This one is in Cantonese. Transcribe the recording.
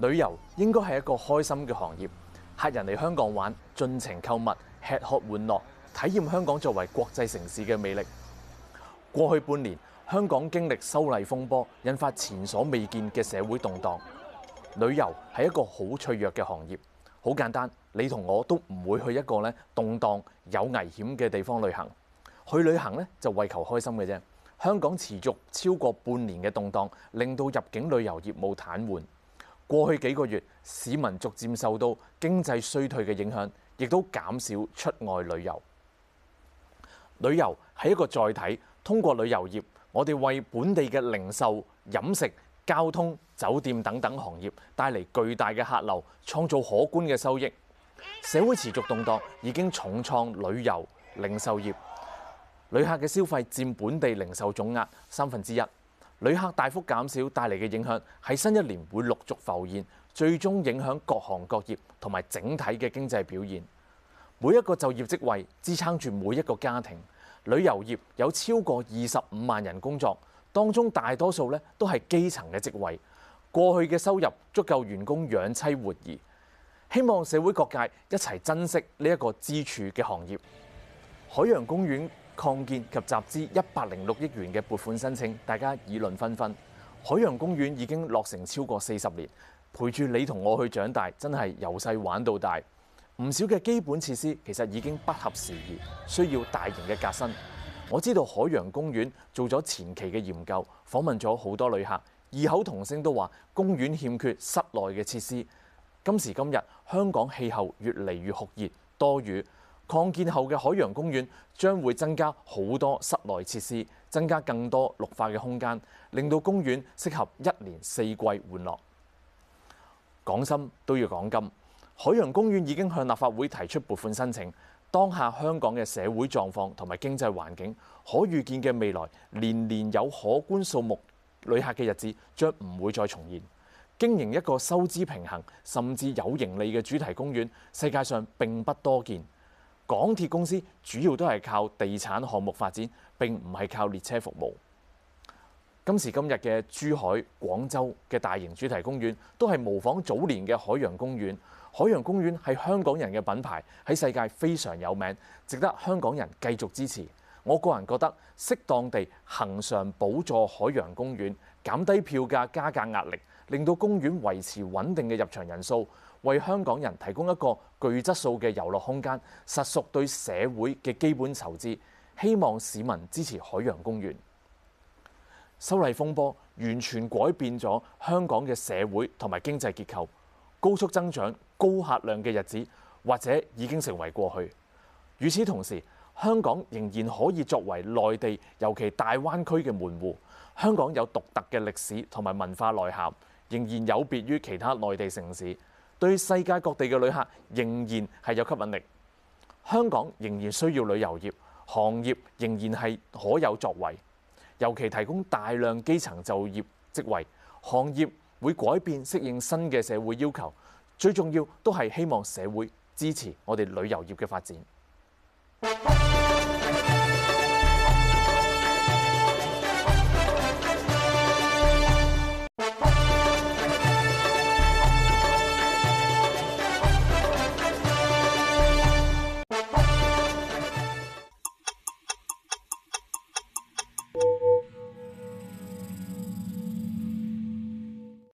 旅遊應該係一個開心嘅行業，客人嚟香港玩，盡情購物、吃喝玩樂，體驗香港作為國際城市嘅魅力。過去半年，香港經歷修例風波，引發前所未見嘅社會動盪。旅遊係一個好脆弱嘅行業，好簡單，你同我都唔會去一個咧動盪有危險嘅地方旅行。去旅行咧就為求開心嘅啫。香港持續超過半年嘅動盪，令到入境旅遊業務癱瘓。過去幾個月，市民逐漸受到經濟衰退嘅影響，亦都減少出外旅遊。旅遊係一個載體，通過旅遊業，我哋為本地嘅零售、飲食、交通、酒店等等行業帶嚟巨大嘅客流，創造可觀嘅收益。社會持續動盪，已經重創旅遊、零售業。旅客嘅消費佔本地零售總額三分之一。旅客大幅減少帶嚟嘅影響，喺新一年會陸續浮現，最終影響各行各業同埋整體嘅經濟表現。每一個就業職位支撐住每一個家庭，旅遊業有超過二十五萬人工作，當中大多數咧都係基層嘅職位，過去嘅收入足夠員工養妻活兒。希望社會各界一齊珍惜呢一個支柱嘅行業。海洋公園擴建及集資一百零六億元嘅撥款申請，大家議論紛紛。海洋公園已經落成超過四十年，陪住你同我去長大，真係由細玩到大。唔少嘅基本設施其實已經不合時宜，需要大型嘅革新。我知道海洋公園做咗前期嘅研究，訪問咗好多旅客，異口同聲都話公園欠缺室內嘅設施。今時今日，香港氣候越嚟越酷熱多雨。擴建後嘅海洋公園將會增加好多室內設施，增加更多綠化嘅空間，令到公園適合一年四季玩樂。講心都要講金，海洋公園已經向立法會提出撥款申請。當下香港嘅社會狀況同埋經濟環境，可預見嘅未來年年有可觀數目旅客嘅日子將唔會再重現。經營一個收支平衡，甚至有盈利嘅主題公園，世界上並不多見。港鐵公司主要都係靠地產項目發展，並唔係靠列車服務。今時今日嘅珠海、廣州嘅大型主題公園，都係模仿早年嘅海洋公園。海洋公園係香港人嘅品牌，喺世界非常有名，值得香港人繼續支持。我個人覺得，適當地恒常補助海洋公園，減低票價加價壓力，令到公園維持穩定嘅入場人數。為香港人提供一個具質素嘅遊樂空間，實屬對社會嘅基本籌資。希望市民支持海洋公園。修例風波完全改變咗香港嘅社會同埋經濟結構，高速增長、高客量嘅日子或者已經成為過去。與此同時，香港仍然可以作為內地尤其大灣區嘅門戶。香港有獨特嘅歷史同埋文化內涵，仍然有別於其他內地城市。對世界各地嘅旅客仍然係有吸引力，香港仍然需要旅遊業，行業仍然係可有作為，尤其提供大量基層就業職位，行業會改變適應新嘅社會要求，最重要都係希望社會支持我哋旅遊業嘅發展。